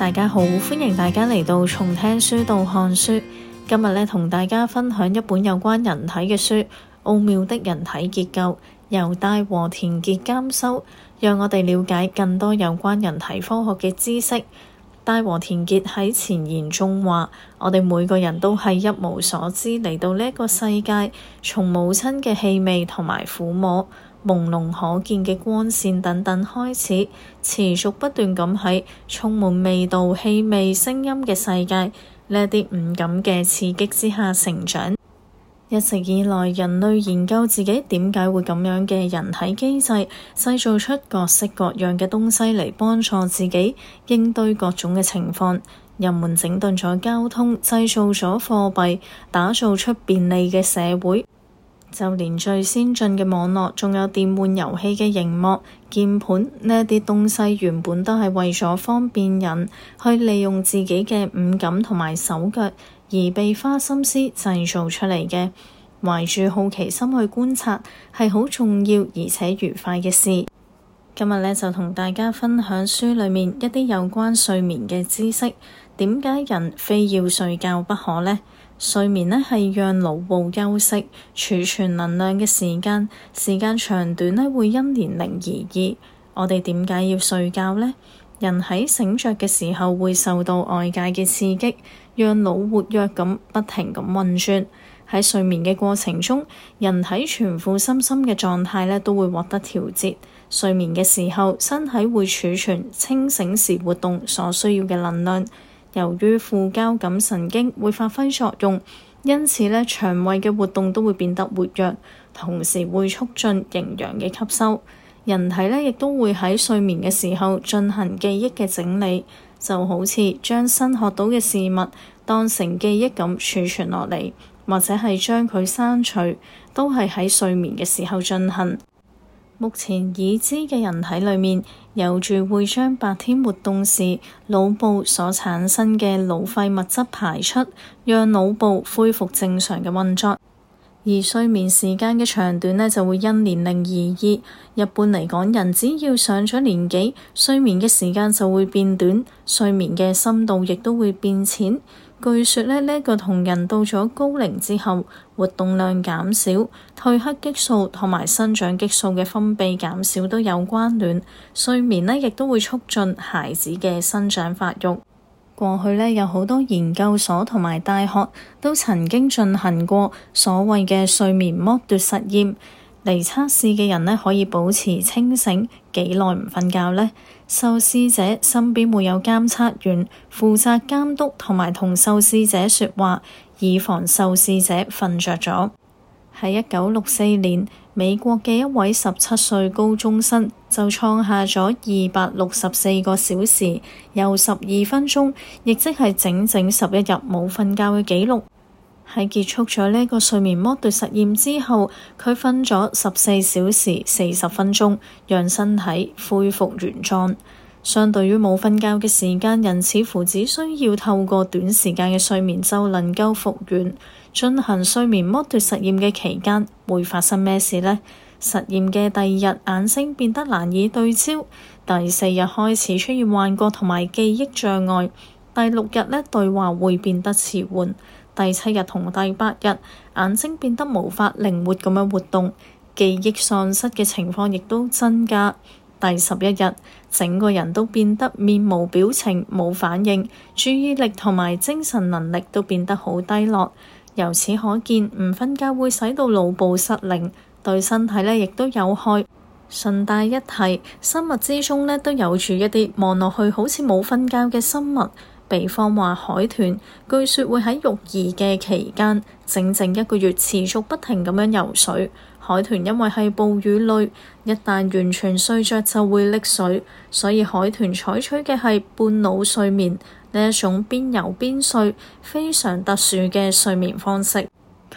大家好，歡迎大家嚟到從聽書到看書。今日咧同大家分享一本有關人體嘅書《奧妙的人體結構》，由大和田杰監修，讓我哋了解更多有關人體科學嘅知識。大和田杰喺前言中話：我哋每個人都係一無所知嚟到呢個世界，從母親嘅氣味同埋撫摸，朦朧可見嘅光線等等開始持續不斷咁喺充滿味道、氣味、聲音嘅世界呢一啲五感嘅刺激之下成長，一直以來人類研究自己點解會咁樣嘅人體機制，製造出各式各樣嘅東西嚟幫助自己應對各種嘅情況，人們整頓咗交通，製造咗貨幣，打造出便利嘅社會。就連最先進嘅網絡，仲有電玩遊戲嘅熒幕、鍵盤呢啲東西，原本都係為咗方便人去利用自己嘅五感同埋手腳而被花心思製造出嚟嘅。懷住好奇心去觀察，係好重要而且愉快嘅事。今日呢，就同大家分享書裏面一啲有關睡眠嘅知識。點解人非要睡覺不可呢？睡眠呢，係讓腦部休息、儲存能量嘅時間，時間長短呢，會因年齡而異。我哋點解要睡覺呢？人喺醒着嘅時候會受到外界嘅刺激，讓腦活躍咁不停咁運轉。喺睡眠嘅過程中，人體全副身心嘅狀態呢都會獲得調節。睡眠嘅時候，身體會儲存清醒時活動所需要嘅能量。由於副交感神經會發揮作用，因此呢腸胃嘅活動都會變得活躍，同時會促進營養嘅吸收。人體呢亦都會喺睡眠嘅時候進行記憶嘅整理，就好似將新學到嘅事物當成記憶咁儲存落嚟，或者係將佢刪除，都係喺睡眠嘅時候進行。目前已知嘅人體裏面，由住會將白天活動時腦部所產生嘅腦廢物質排出，讓腦部恢復正常嘅運作。而睡眠時間嘅長短呢，就會因年齡而異。一般嚟講，人只要上咗年紀，睡眠嘅時間就會變短，睡眠嘅深度亦都會變淺。據說呢，呢個同人到咗高齡之後活動量減少、褪黑激素同埋生長激素嘅分泌減少都有關聯。睡眠呢亦都會促進孩子嘅生長發育。過去呢有好多研究所同埋大學都曾經進行過所謂嘅睡眠剝奪實驗。嚟測試嘅人呢，可以保持清醒幾耐唔瞓覺呢？受試者身邊會有監測員負責監督同埋同受試者說話，以防受試者瞓着咗。喺一九六四年，美國嘅一位十七歲高中生就創下咗二百六十四個小時又十二分鐘，亦即係整整十一日冇瞓覺嘅紀錄。喺結束咗呢一個睡眠剝奪實驗之後，佢瞓咗十四小時四十分鐘，讓身體恢復原狀。相對於冇瞓覺嘅時間，人似乎只需要透過短時間嘅睡眠就能夠復原。進行睡眠剝奪實驗嘅期間會發生咩事呢？實驗嘅第二日，眼睛變得難以對焦；第四日開始出現幻覺同埋記憶障礙；第六日呢，對話會變得遲緩。第七日同第八日，眼睛變得無法靈活咁樣活動，記憶喪失嘅情況亦都增加。第十一日，整個人都變得面無表情、冇反應，注意力同埋精神能力都變得好低落。由此可見，唔瞓覺會使到腦部失靈，對身體咧亦都有害。順帶一提，生物之中咧都有住一啲望落去好似冇瞓覺嘅生物。比方話，海豚據說會喺育兒嘅期間，整整一個月持續不停咁樣游水。海豚因為係哺乳類，一旦完全睡着就會溺水，所以海豚採取嘅係半腦睡眠，呢一種邊遊邊睡非常特殊嘅睡眠方式。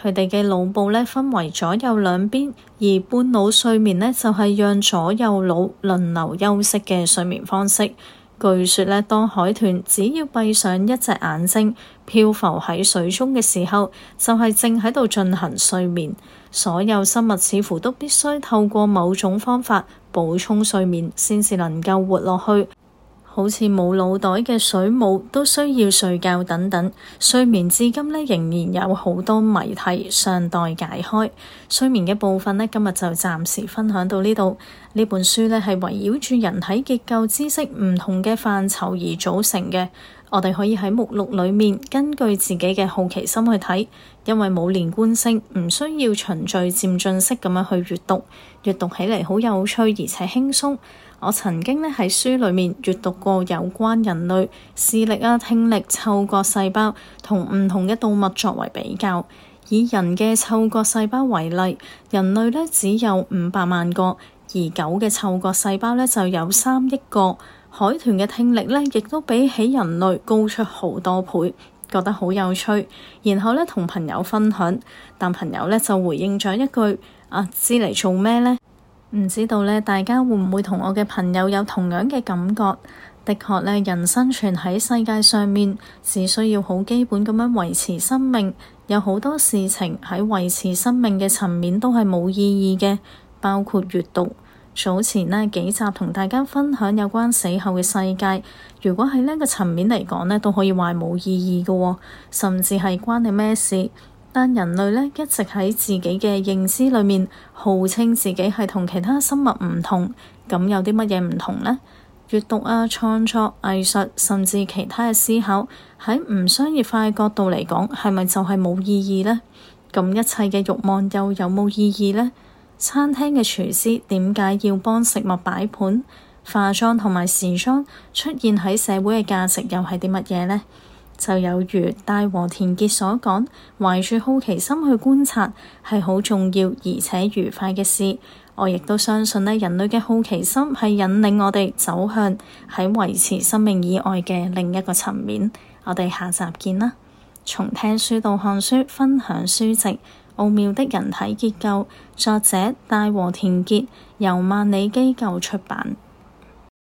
佢哋嘅腦部呢，分為左右兩邊，而半腦睡眠呢，就係讓左右腦輪流休息嘅睡眠方式。據說咧，當海豚只要閉上一隻眼睛，漂浮喺水中嘅時候，就係正喺度進行睡眠。所有生物似乎都必須透過某種方法補充睡眠，先至能夠活落去。好似冇腦袋嘅水母都需要睡覺等等，睡眠至今咧仍然有好多謎題尚待解開。睡眠嘅部分咧，今日就暫時分享到呢度。呢本書咧係圍繞住人體結構知識唔同嘅範疇而組成嘅。我哋可以喺目錄裏面根據自己嘅好奇心去睇，因為冇連貫性，唔需要循序漸進式咁樣去閱讀，閱讀起嚟好有趣而且輕鬆。我曾經呢喺書裏面閱讀過有關人類視力啊、聽力、嗅覺細胞同唔同嘅動物作為比較。以人嘅嗅覺細胞為例，人類呢只有五百萬個，而狗嘅嗅覺細胞呢就有三億個。海豚嘅聽力呢，亦都比起人類高出好多倍，覺得好有趣。然後呢，同朋友分享，但朋友呢就回應咗一句：啊，知嚟做咩呢？唔知道呢，大家會唔會同我嘅朋友有同樣嘅感覺？的確呢，人生存喺世界上面，只需要好基本咁樣維持生命。有好多事情喺維持生命嘅層面都係冇意義嘅，包括閱讀。早前呢幾集同大家分享有關死後嘅世界，如果喺呢個層面嚟講呢都可以話冇意義嘅，甚至係關你咩事？但人類呢，一直喺自己嘅認知裏面，號稱自己係同其他生物唔同，咁有啲乜嘢唔同呢？閱讀啊、創作、藝術，甚至其他嘅思考，喺唔商業化嘅角度嚟講，係咪就係冇意義呢？咁一切嘅慾望又有冇意義呢？餐廳嘅廚師點解要幫食物擺盤、化妝同埋時裝出現喺社會嘅價值又係啲乜嘢呢？就有如大和田傑所講，懷住好奇心去觀察係好重要而且愉快嘅事。我亦都相信咧，人類嘅好奇心係引領我哋走向喺維持生命以外嘅另一個層面。我哋下集見啦！從聽書到看書，分享書籍。奧妙的人體結構，作者大和田結，由萬里機構出版。